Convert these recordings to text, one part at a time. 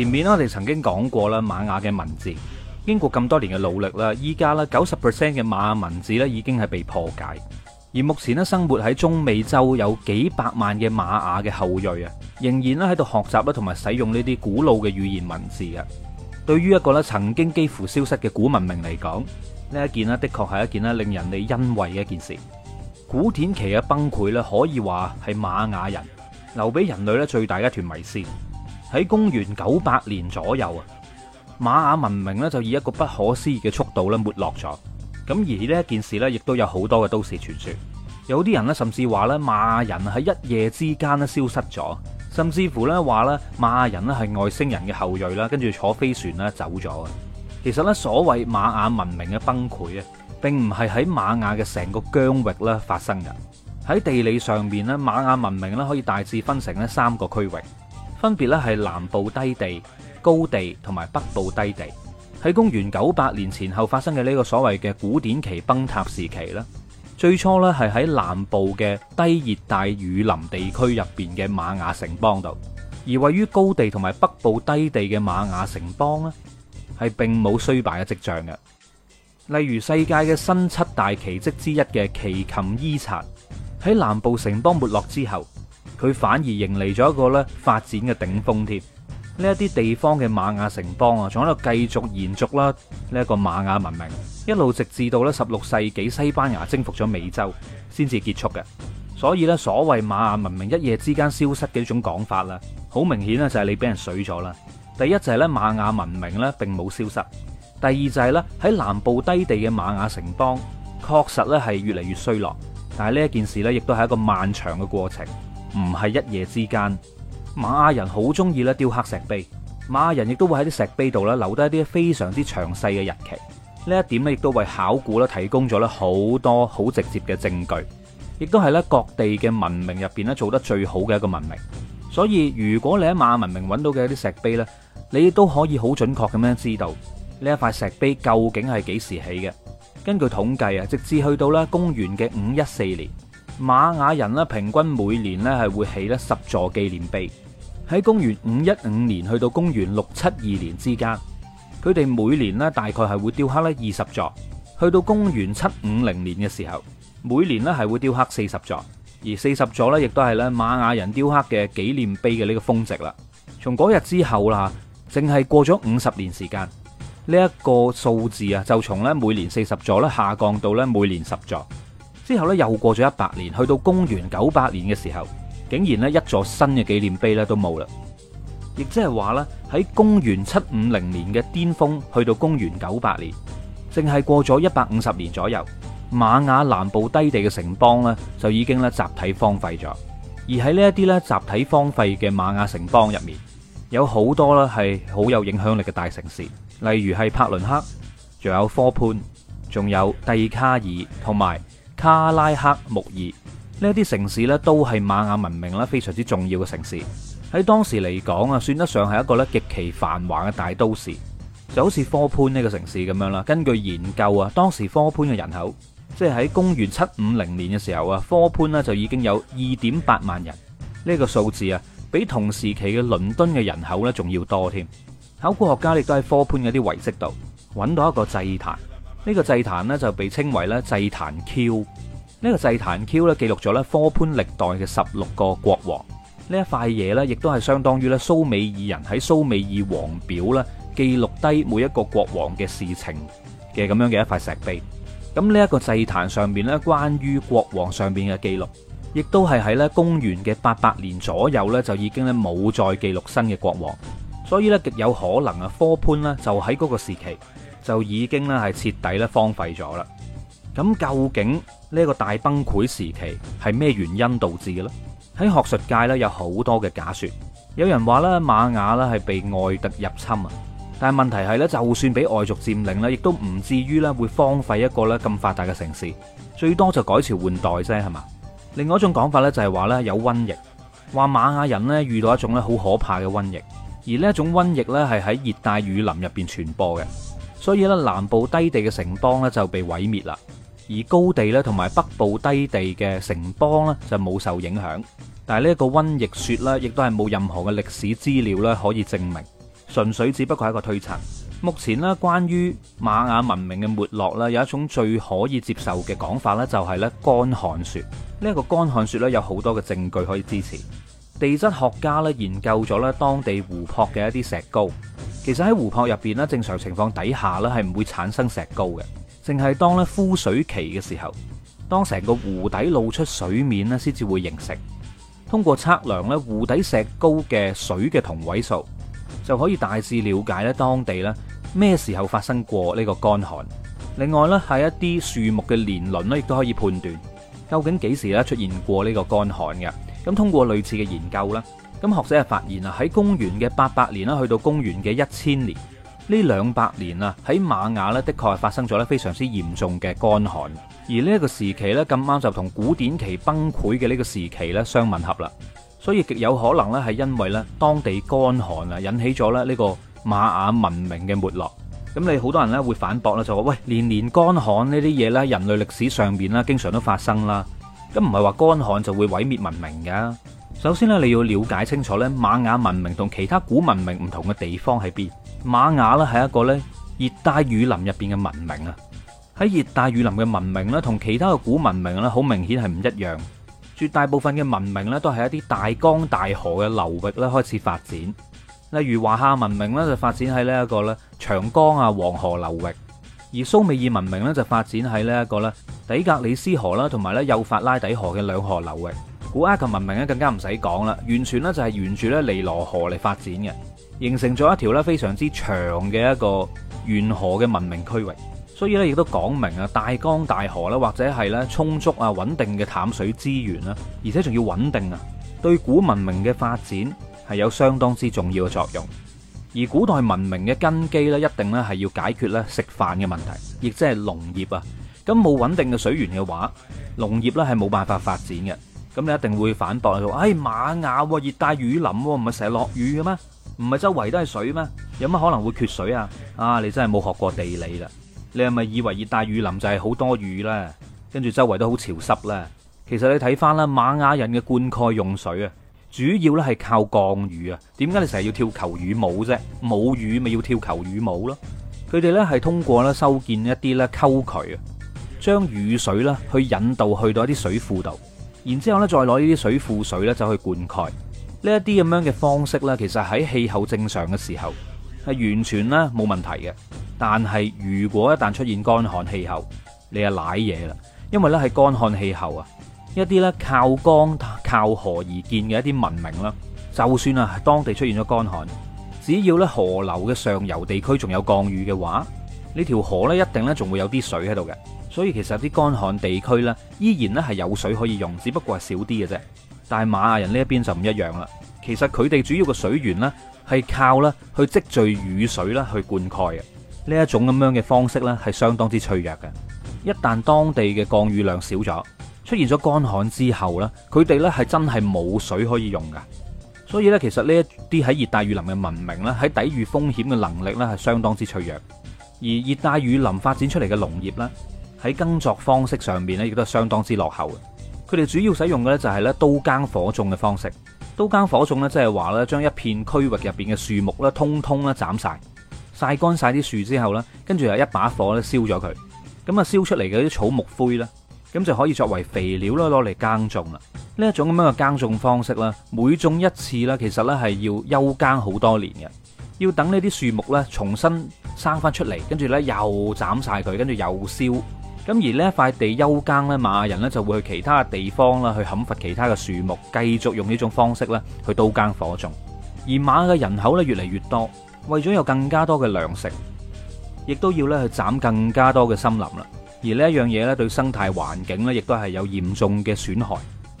前面我哋曾經講過啦，瑪雅嘅文字，經過咁多年嘅努力啦，依家啦九十 percent 嘅瑪雅文字咧已經係被破解。而目前咧生活喺中美洲有幾百萬嘅瑪雅嘅後裔啊，仍然咧喺度學習咧同埋使用呢啲古老嘅語言文字啊。對於一個咧曾經幾乎消失嘅古文明嚟講，呢一件咧的確係一件咧令人哋欣慰嘅一件事。古典期嘅崩潰咧，可以話係瑪雅人留俾人類咧最大嘅一團迷思。喺公元九百年左右啊，瑪雅文明咧就以一個不可思議嘅速度咧沒落咗。咁而呢一件事咧，亦都有好多嘅都市傳説。有啲人咧甚至話咧，瑪雅人喺一夜之間咧消失咗。甚至乎咧話咧，瑪雅人咧係外星人嘅後裔啦，跟住坐飛船咧走咗。其實咧，所謂瑪雅文明嘅崩潰啊，並唔係喺瑪雅嘅成個疆域咧發生嘅。喺地理上面咧，瑪雅文明咧可以大致分成咧三個區域。分別咧係南部低地、高地同埋北部低地。喺公元九百年前後發生嘅呢個所謂嘅古典期崩塌時期啦，最初咧係喺南部嘅低熱帶雨林地區入邊嘅瑪雅城邦度，而位於高地同埋北部低地嘅瑪雅城邦咧，係並冇衰敗嘅跡象嘅。例如世界嘅新七大奇蹟之一嘅奇琴伊察，喺南部城邦沒落之後，佢反而迎嚟咗一個咧發展嘅頂峰添。呢一啲地方嘅瑪雅城邦啊，仲喺度繼續延續啦呢一個瑪雅文明，一路直至到咧十六世紀西班牙征服咗美洲先至結束嘅。所以呢，所謂瑪雅文明一夜之間消失嘅一種講法啦，好明顯呢就係你俾人水咗啦。第一就係咧瑪雅文明呢並冇消失，第二就係咧喺南部低地嘅瑪雅城邦確實咧係越嚟越衰落，但係呢一件事呢，亦都係一個漫長嘅過程。唔係一夜之間，瑪雅人好中意咧雕刻石碑，瑪雅人亦都會喺啲石碑度咧留低一啲非常之詳細嘅日期。呢一點咧亦都為考古咧提供咗咧好多好直接嘅證據，亦都係咧各地嘅文明入邊咧做得最好嘅一個文明。所以如果你喺瑪雅文明揾到嘅一啲石碑咧，你都可以好準確咁樣知道呢一塊石碑究竟係幾時起嘅。根據統計啊，直至去到咧公元嘅五一四年。瑪雅人咧，平均每年咧係會起咧十座紀念碑。喺公元五一五年去到公元六七二年之間，佢哋每年咧大概係會雕刻咧二十座。去到公元七五零年嘅時候，每年咧係會雕刻四十座，而四十座咧亦都係咧瑪雅人雕刻嘅紀念碑嘅呢個峰值啦。從嗰日之後啦，淨係過咗五十年時間，呢一個數字啊，就從咧每年四十座咧下降到咧每年十座。之後咧，又過咗一百年，去到公元九百年嘅時候，竟然咧一座新嘅紀念碑咧都冇啦。亦即係話咧，喺公元七五零年嘅巔峰，去到公元九百年，淨係過咗一百五十年左右，瑪雅南部低地嘅城邦咧就已經咧集體荒廢咗。而喺呢一啲咧集體荒廢嘅瑪雅城邦入面，有好多咧係好有影響力嘅大城市，例如係帕倫克，仲有科潘，仲有蒂卡爾，同埋。卡拉克木爾呢啲城市咧，都係瑪雅文明咧非常之重要嘅城市。喺當時嚟講啊，算得上係一個咧極其繁華嘅大都市。就好似科潘呢個城市咁樣啦。根據研究啊，當時科潘嘅人口，即係喺公元七五零年嘅時候啊，科潘呢就已經有二點八萬人。呢個數字啊，比同時期嘅倫敦嘅人口咧仲要多添。考古學家亦都喺科潘嗰啲遺跡度揾到一個祭壇。呢個祭壇呢，就被稱為咧祭壇 Q，呢個祭壇 Q 咧記錄咗咧科潘歷代嘅十六個國王。呢一塊嘢呢，亦都係相當於咧蘇美爾人喺蘇美爾王表咧記錄低每一個國王嘅事情嘅咁樣嘅一塊石碑。咁呢一個祭壇上面咧關於國王上面嘅記錄，亦都係喺咧公元嘅八百年左右咧就已經咧冇再記錄新嘅國王，所以咧極有可能啊科潘呢，就喺嗰個時期。就已經咧係徹底咧荒廢咗啦。咁究竟呢個大崩潰時期係咩原因導致嘅咧？喺學術界呢，有好多嘅假說，有人話咧瑪雅咧係被外敵入侵啊。但係問題係咧，就算俾外族佔領呢，亦都唔至於咧會荒廢一個咧咁發達嘅城市，最多就改朝換代啫，係嘛。另外一種講法呢，就係話咧有瘟疫，話瑪雅人呢，遇到一種咧好可怕嘅瘟疫，而呢一種瘟疫呢，係喺熱帶雨林入邊傳播嘅。所以咧，南部低地嘅城邦咧就被毀滅啦，而高地咧同埋北部低地嘅城邦咧就冇受影響。但係呢一個瘟疫説咧，亦都係冇任何嘅歷史資料咧可以證明，純粹只不過係一個推測。目前咧，關於瑪雅文明嘅沒落咧，有一種最可以接受嘅講法咧，就係咧乾旱説。呢一個乾旱説咧，有好多嘅證據可以支持。地質學家咧研究咗咧當地湖泊嘅一啲石膏。其實喺湖泊入邊咧，正常情況底下咧係唔會產生石膏嘅，淨係當咧枯水期嘅時候，當成個湖底露出水面咧，先至會形成。通過測量咧湖底石膏嘅水嘅同位素，就可以大致了解咧當地咧咩時候發生過呢個乾旱。另外咧係一啲樹木嘅年輪咧，亦都可以判斷究竟幾時咧出現過呢個乾旱嘅。咁通過類似嘅研究啦。咁學者啊發現啦，喺公元嘅八百年啦，去到公元嘅一千年，呢兩百年啊，喺瑪雅咧，的確係發生咗咧非常之嚴重嘅乾旱，而呢一個時期咧，咁啱就同古典期崩潰嘅呢個時期咧相吻合啦，所以極有可能咧係因為咧當地乾旱啊，引起咗咧呢個瑪雅文明嘅沒落。咁你好多人咧會反駁啦，就話喂，年年乾旱呢啲嘢咧，人類歷史上面啦，經常都發生啦，咁唔係話乾旱就會毀滅文明㗎。首先咧，你要了解清楚咧，瑪雅文明同其他古文明唔同嘅地方喺邊。瑪雅咧係一個咧熱帶雨林入邊嘅文明啊。喺熱帶雨林嘅文明咧，同其他嘅古文明咧，好明顯係唔一樣。絕大部分嘅文明咧，都係一啲大江大河嘅流域咧開始發展。例如華夏文明咧就發展喺呢一個咧長江啊、黃河流域，而蘇美爾文明咧就發展喺呢一個咧底格里斯河啦同埋咧幼發拉底河嘅兩河流域。古埃及文明咧更加唔使講啦，完全咧就係沿住咧尼羅河嚟發展嘅，形成咗一條咧非常之長嘅一個沿河嘅文明區域。所以咧，亦都講明啊，大江大河咧或者係咧充足啊，穩定嘅淡水資源啦，而且仲要穩定啊，對古文明嘅發展係有相當之重要嘅作用。而古代文明嘅根基咧，一定咧係要解決咧食飯嘅問題，亦即係農業啊。咁冇穩定嘅水源嘅話，農業咧係冇辦法發展嘅。咁你一定會反駁啊！誒、哎，瑪雅喎，熱帶雨林喎、哦，唔係成日落雨嘅咩？唔係周圍都係水咩？有乜可能會缺水啊？啊，你真係冇學過地理啦！你係咪以為熱帶雨林就係好多雨呢？跟住周圍都好潮濕呢。其實你睇翻啦，瑪雅人嘅灌溉用水啊，主要呢係靠降雨啊。點解你成日要跳求雨舞啫？冇雨咪要跳求雨舞咯。佢哋呢係通過呢修建一啲呢溝渠啊，將雨水呢去引導去到一啲水庫度。然之後咧，再攞呢啲水庫水咧，走去灌溉。呢一啲咁樣嘅方式呢，其實喺氣候正常嘅時候係完全咧冇問題嘅。但係如果一旦出現乾旱氣候，你啊賴嘢啦，因為呢係乾旱氣候啊，一啲咧靠江靠河而建嘅一啲文明啦，就算啊當地出現咗乾旱，只要咧河流嘅上游地區仲有降雨嘅話，呢條河咧一定咧仲會有啲水喺度嘅。所以其實啲乾旱地區呢，依然呢係有水可以用，只不過係少啲嘅啫。但係瑪雅人呢一邊就唔一樣啦。其實佢哋主要嘅水源呢，係靠呢去積聚雨水啦去灌溉嘅。呢一種咁樣嘅方式呢，係相當之脆弱嘅。一旦當地嘅降雨量少咗，出現咗乾旱之後呢，佢哋呢係真係冇水可以用噶。所以呢，其實呢一啲喺熱帶雨林嘅文明呢，喺抵禦風險嘅能力呢，係相當之脆弱。而熱帶雨林發展出嚟嘅農業呢。喺耕作方式上面咧，亦都相當之落後嘅。佢哋主要使用嘅咧就係咧刀耕火種嘅方式。刀耕火種咧，即係話咧將一片區域入邊嘅樹木咧，通通咧斬晒。曬乾晒啲樹之後咧，跟住有一把火咧燒咗佢。咁啊，燒出嚟嘅啲草木灰咧，咁就可以作為肥料啦，攞嚟耕種啦。呢一種咁樣嘅耕種方式咧，每種一次咧，其實咧係要休耕好多年嘅，要等呢啲樹木咧重新生翻出嚟，跟住咧又斬晒佢，跟住又燒。咁而呢一塊地休耕咧，瑪雅人咧就會去其他地方啦，去砍伐其他嘅樹木，繼續用呢種方式咧去刀耕火種。而瑪雅嘅人口咧越嚟越多，為咗有更加多嘅糧食，亦都要咧去斬更加多嘅森林啦。而呢一樣嘢咧對生態環境咧，亦都係有嚴重嘅損害。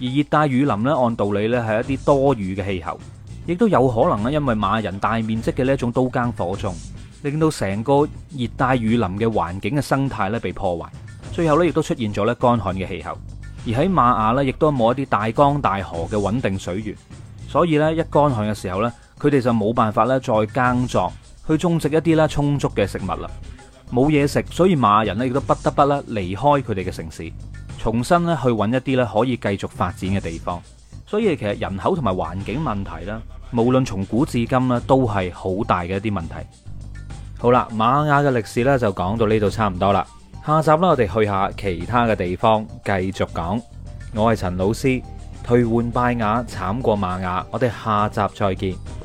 而熱帶雨林咧，按道理咧係一啲多雨嘅氣候，亦都有可能咧，因為瑪雅人大面積嘅呢一種刀耕火種，令到成個熱帶雨林嘅環境嘅生態咧被破壞。最後咧，亦都出現咗咧乾旱嘅氣候，而喺瑪雅咧，亦都冇一啲大江大河嘅穩定水源，所以咧一乾旱嘅時候咧，佢哋就冇辦法咧再耕作去種植一啲咧充足嘅食物啦，冇嘢食，所以瑪雅人呢，亦都不得不咧離開佢哋嘅城市，重新咧去揾一啲咧可以繼續發展嘅地方。所以其實人口同埋環境問題咧，無論從古至今呢，都係好大嘅一啲問題。好啦，瑪雅嘅歷史呢，就講到呢度差唔多啦。下集啦，我哋去下其他嘅地方，繼續講。我係陳老師，退換拜雅慘過瑪雅，我哋下集再見。